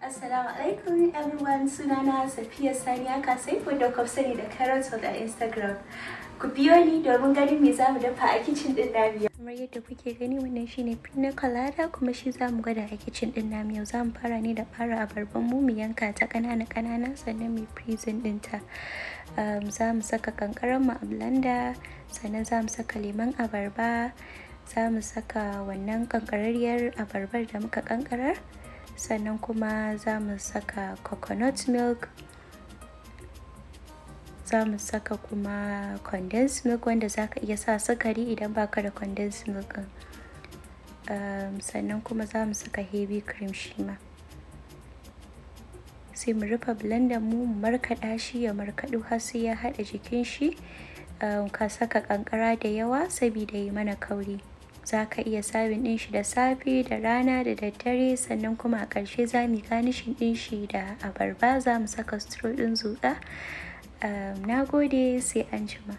Assalamu alaikum everyone sunana Safiya Saniya Kasai wadda ku sani da Carrot Hot Instagram. Ku biyo ni domin ganin me za mu dafa a kicin din Namiya. Kamar yadda kuke gani wannan shine pina colada kuma shi za mu gwada a kicin din Namiya. Za mu fara ne da fara abarban mu mu yanka ta ƙanana ƙanana sannan mu freezing ɗinta. Um, za mu saka kankaran mu a blender sannan za mu saka lemon abarba za mu saka wannan kankararriyar abarbar da muka kankarar. sannan kuma za mu saka coconut milk za mu saka kuma condensed milk wanda za ka iya sa sukari idan baka da condensed milk um, sannan kuma za mu saka heavy cream shi ma sai mu rufe blender mu markaɗa shi ya markaɗu har ya haɗa jikin shi um, ka saka kankara da yawa sabida yi mana kauri za ka iya sabin ɗin shi da safe da rana da daddare sannan kuma a ƙarshe za mu ganishin din ɗin shi da abarba za mu saka straw ɗin zuƙa na gode sai an jima